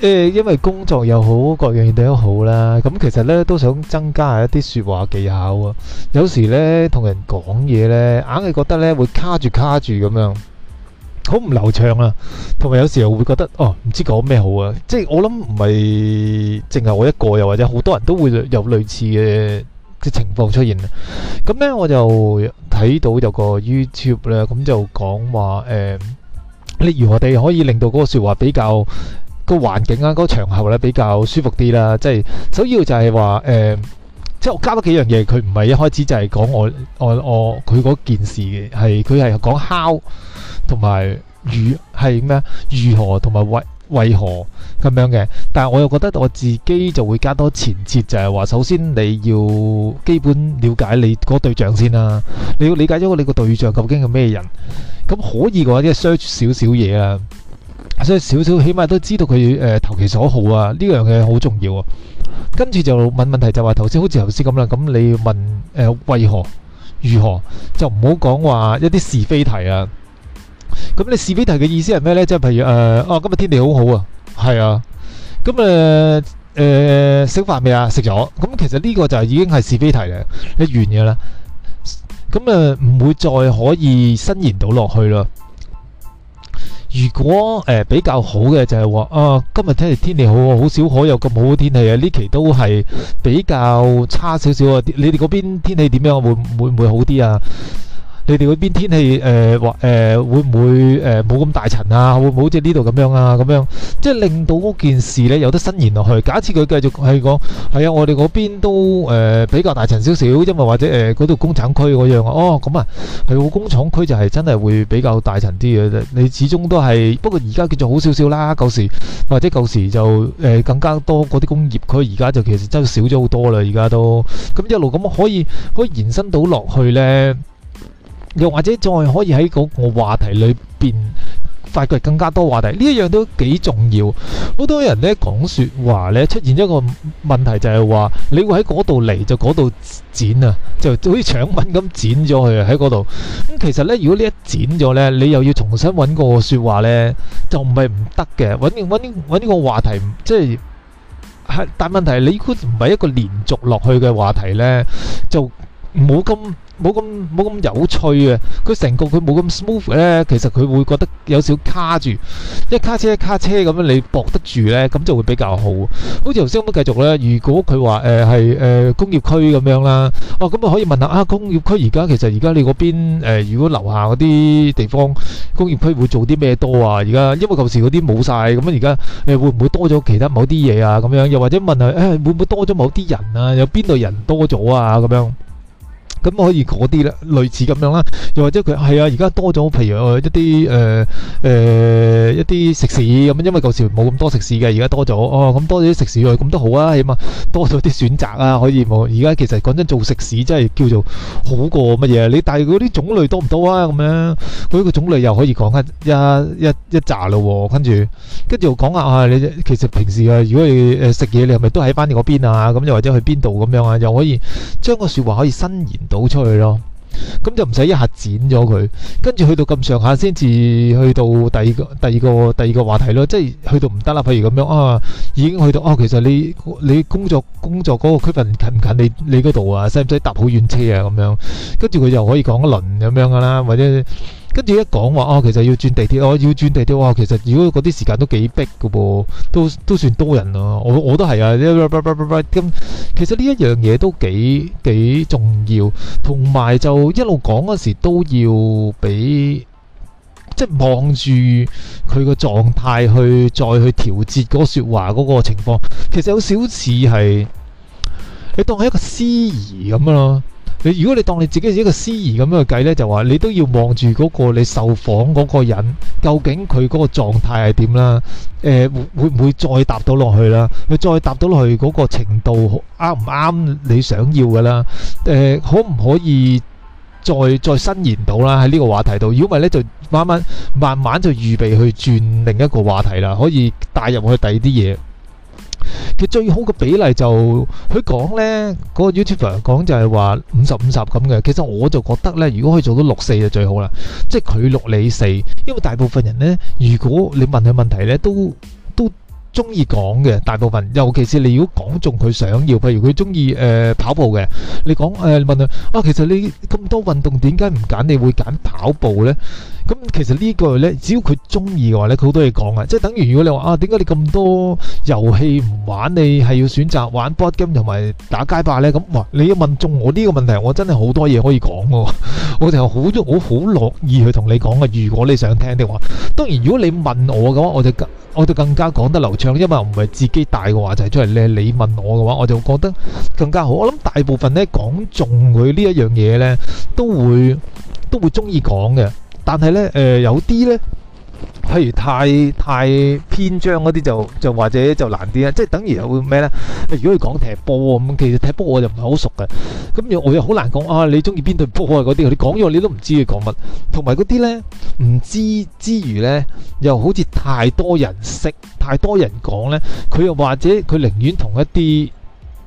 誒，因為工作又好，各樣嘢都好啦。咁其實咧，都想增加一啲說話技巧啊。有時咧，同人講嘢咧，硬係覺得咧會卡住卡住咁樣，好唔流暢啊。同埋有時候會覺得，哦，唔知講咩好啊。即係我諗唔係淨係我一個，又或者好多人都會有類似嘅嘅情況出現啊。咁咧，我就睇到有個 YouTube 咧，咁就講話誒，你如何地可以令到嗰個說話比較。個環境啊，嗰個場合咧比較舒服啲啦，即係，首要就係話，誒、呃，即係我加多幾樣嘢，佢唔係一開始就係講我我我佢嗰件事，嘅係佢係講烤同埋如係咩如何同埋為為何咁樣嘅，但係我又覺得我自己就會加多前設，就係、是、話首先你要基本了解你嗰對象先啦，你要理解咗你個對象究竟係咩人，咁可以嘅話，啲、就是、search 少少嘢啦。所以少少，起碼都知道佢誒投其所好啊！呢樣嘢好重要啊。跟住就問問題，就話頭先好似頭先咁啦。咁你問誒為何如何，就唔好講話一啲是非題啊。咁你是非題嘅意思係咩呢？即係譬如誒，哦今日天氣好好啊，係啊。咁誒誒食飯未啊？食咗。咁其實呢個就已經係是非題嚟，你完嘢啦。咁誒唔會再可以伸延到落去啦。如果誒、呃、比較好嘅就係話啊，今日聽日天氣好啊，好少可有咁好嘅天氣啊！呢期都係比較差少少啊！啲你哋嗰邊天氣點樣？會會唔會好啲啊？你哋嗰邊天氣誒或、呃呃、會唔會誒冇咁大塵啊？會唔會好似呢度咁樣啊？咁樣即係令到件事咧有得伸延落去。假設佢繼續係講係啊，我哋嗰邊都誒、呃、比較大塵少少，因為或者誒嗰度工廠區嗰樣、哦、樣啊。哦，咁啊，係工廠區就係真係會比較大塵啲嘅。你始終都係，不過而家叫做好少少啦。舊時或者舊時就誒、呃、更加多嗰啲工業區，而家就其實真係少咗好多啦。而家都咁一路咁可以可以延伸到落去呢。又或者再可以喺嗰個話題裏邊發掘更加多話題，呢一樣都幾重要。好多人咧講說話咧出現一個問題就係話，你會喺嗰度嚟，就嗰度剪啊，就好似腸粉咁剪咗佢喺嗰度。咁其實咧，如果你一剪咗咧，你又要重新揾個說話咧，就唔係唔得嘅。揾揾揾呢個話題，即係係，但問題係你嗰唔係一個連續落去嘅話題咧，就冇咁。冇咁冇咁有趣啊！佢成個佢冇咁 smooth 咧，其實佢會覺得有少少卡住，一卡車一卡車咁樣你駁得住咧，咁就會比較好。好似頭先咁，繼續咧，如果佢話誒係誒工業區咁樣啦，哦咁啊可以問下啊工業區而家其實而家你嗰邊誒如果樓下嗰啲地方工業區會做啲咩多啊？而家因為舊時嗰啲冇晒，咁啊而家誒會唔會多咗其他某啲嘢啊？咁樣又或者問下誒、啊、會唔會多咗某啲人啊？有邊度人多咗啊？咁樣。咁可以嗰啲啦，類似咁樣啦，又或者佢係啊，而家多咗，譬如、呃呃呃、一啲誒誒一啲食肆咁，因為舊時冇咁多食肆嘅，而家多咗哦，咁多咗啲食肆啊，咁都好啊，起碼多咗啲選擇啊，可以冇。而家其實講真，做食肆真係叫做好過乜嘢。你但係嗰啲種類多唔多啊？咁樣佢個種類又可以講一一一一集咯喎。跟住跟住又講下啊，你其實平時啊，如果你誒食嘢，你係咪都喺翻你嗰邊啊？咁、啊、又或者去邊度咁樣啊？又可以將個説話可以伸延。倒出去咯，咁就唔使一下剪咗佢，跟住去到咁上下先至去到第二個第二個第二個話題咯，即係去到唔得啦，譬如咁樣啊，已經去到哦、啊，其實你你工作工作嗰個區份近唔近你你嗰度啊？使唔使搭好遠車啊咁樣，跟住佢就可以講一輪咁樣噶啦，或者。跟住一講話啊，其實要轉地鐵，我、哦、要轉地鐵。哇、哦，其實如果嗰啲時間都幾逼㗎噃，都都算多人啊。我我都係啊，咁、嗯、其實呢一樣嘢都幾幾重要，同埋就一路講嗰時都要俾即係望住佢個狀態去再去調節嗰個説話嗰個情況。其實有少少似係你當係一個司儀咁樣啊～你如果你當你自己係一個司儀咁樣去計呢，就話你都要望住嗰個你受訪嗰個人，究竟佢嗰個狀態係點啦？誒、呃，會唔會再答到落去啦？佢再答到落去嗰、那個程度啱唔啱你想要㗎啦？誒、呃，可唔可以再再伸延到啦？喺呢個話題度，如果唔係呢，就慢慢慢慢就預備去轉另一個話題啦，可以帶入去第二啲嘢。最好嘅比例就佢，是，講呢嗰，那個 YouTuber 講就係話五十五十咁嘅。其實我就覺得呢，如果可以做到六四就最好啦，即係佢六你四。因為大部分人呢，如果你問佢問題呢都中意講嘅大部分，尤其是你如果講中佢想要，譬如佢中意誒跑步嘅，你講誒、呃、問佢啊，其實你咁多運動點解唔揀？你會揀跑步呢？嗯」咁其實呢句呢，只要佢中意嘅話呢，佢好多嘢講啊！即係等於如果你話啊，點解你咁多遊戲唔玩？你係要選擇玩 board game 同埋打街霸呢？嗯」咁唔，你要問中我呢個問題，我真係好多嘢可以講嘅。我就好中，我好樂意去同你講嘅。如果你想聽的話，當然如果你問我嘅話，我就。我就更加講得流暢，因為唔係自己帶個話題、就是、出嚟咧，你問我嘅話，我就覺得更加好。我諗大部分咧講中佢呢一樣嘢咧，都會都會中意講嘅。但係咧，誒、呃、有啲咧。譬如太太篇章嗰啲就就或者就難啲啊，即係等於又會咩呢？如果佢講踢波咁，其實踢波我就唔係好熟嘅，咁又我又好難講啊。你中意邊對波啊？嗰啲你講咗你都唔知佢講乜，同埋嗰啲呢，唔知之餘呢，又好似太多人識，太多人講呢。佢又或者佢寧願同一啲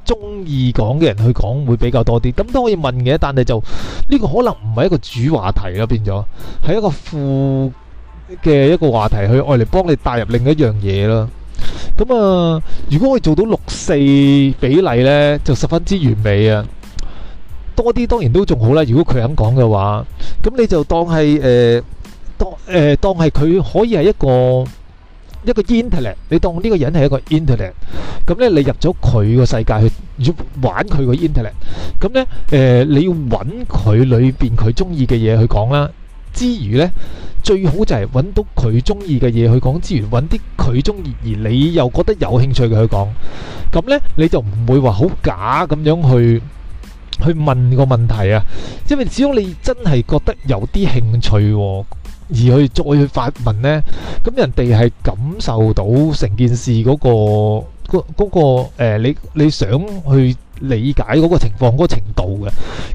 中意講嘅人去講會比較多啲。咁都可以問嘅，但係就呢，呢個可能唔係一個主話題咯，變咗係一個副嘅一個話題去，愛嚟幫你帶入另一樣嘢啦。咁啊、呃，如果可以做到六四比例呢，就十分之完美啊。多啲當然都仲好啦。如果佢肯講嘅話，咁你就當係誒、呃，當誒、呃、當係佢可以係一個一個 internet，你當呢個人係一個 internet。咁呢，你入咗佢個世界去，要玩佢個 internet。咁呢，誒、呃，你要揾佢裏邊佢中意嘅嘢去講啦，之餘呢。最好就係揾到佢中意嘅嘢去講，之餘揾啲佢中意而你又覺得有興趣嘅去講，咁咧你就唔會話好假咁樣去去問個問題啊，因為只要你真係覺得有啲興趣而去再去發問咧，咁人哋係感受到成件事嗰個嗰嗰個誒，你你想去理解嗰個情況嗰個程度嘅，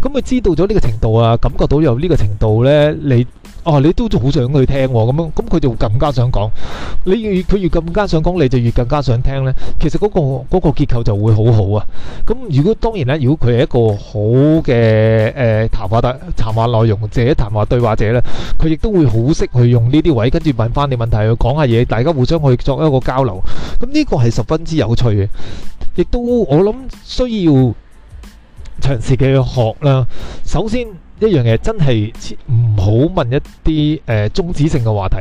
咁佢知道咗呢個程度啊，感覺到有呢個程度呢，你哦，你都好想去聽喎，咁樣咁佢就更加想講。你越佢越更加想講，你就越更加想聽呢。其實嗰個嗰個結構就會好好啊。咁如果當然啦，如果佢係一個好嘅誒談話對談話內容者、談話對話者呢，佢亦都會好識去用呢啲位，跟住問翻你問題去講下嘢，大家互相去作一個交流。咁呢個係十分之有趣嘅。亦都我諗需要長時嘅學啦。首先一樣嘢真係唔好問一啲誒宗旨性嘅話題。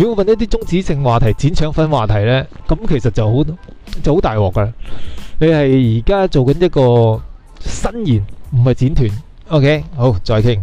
如果問一啲宗旨性話題、剪腸粉話題呢，咁其實就好就好大鑊㗎。你係而家做緊一個新言，唔係剪斷。OK，好，再傾。